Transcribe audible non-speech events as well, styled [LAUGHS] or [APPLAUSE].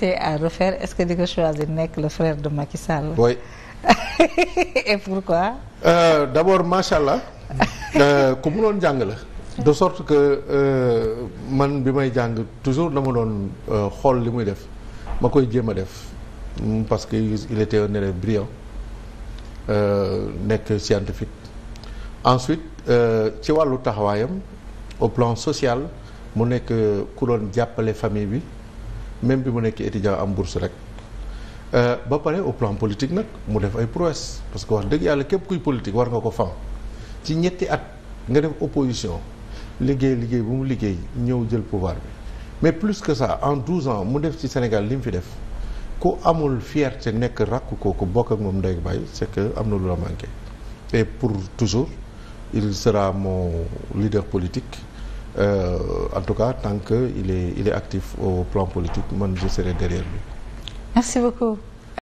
c'était à refaire est-ce que di ko choisir nekk le frère de Macky Sall. oui. [LAUGHS] et pourquoi. Euh, d'abord macha allah euh, ku mu doon jàng la. de sorte que euh, man bi may jàng toujours dama doon euh, xool li muy def ma koy jéem a def mm, parce que il était un élève brillant nekk scientifique. ensuite ci wàllu taxawaayam au plan social mu nekk ku doon jàppale famille bi. même bi mu nekkee étudiant am bourse rek euh, ba pare au plan politique nag mu def ay prouesse parce que wax dëgg yàlla képp kuy politique war nga ko fan ci ñetti at nga def opposition liggéey liggéey bu mu liggéey ñëw jël pouvoir bi mais plus que ça en douze ans mu def ci Sénégal li mu fi def ku amul fierté nekk rakk kooku bokk ak moom ndey bàyyi c'est que am na lu la manqué et pour toujours il sera mon leader politique euh, en tout cas tant que il est il est actif au plan politique man je serai derrière lui merci beaucoup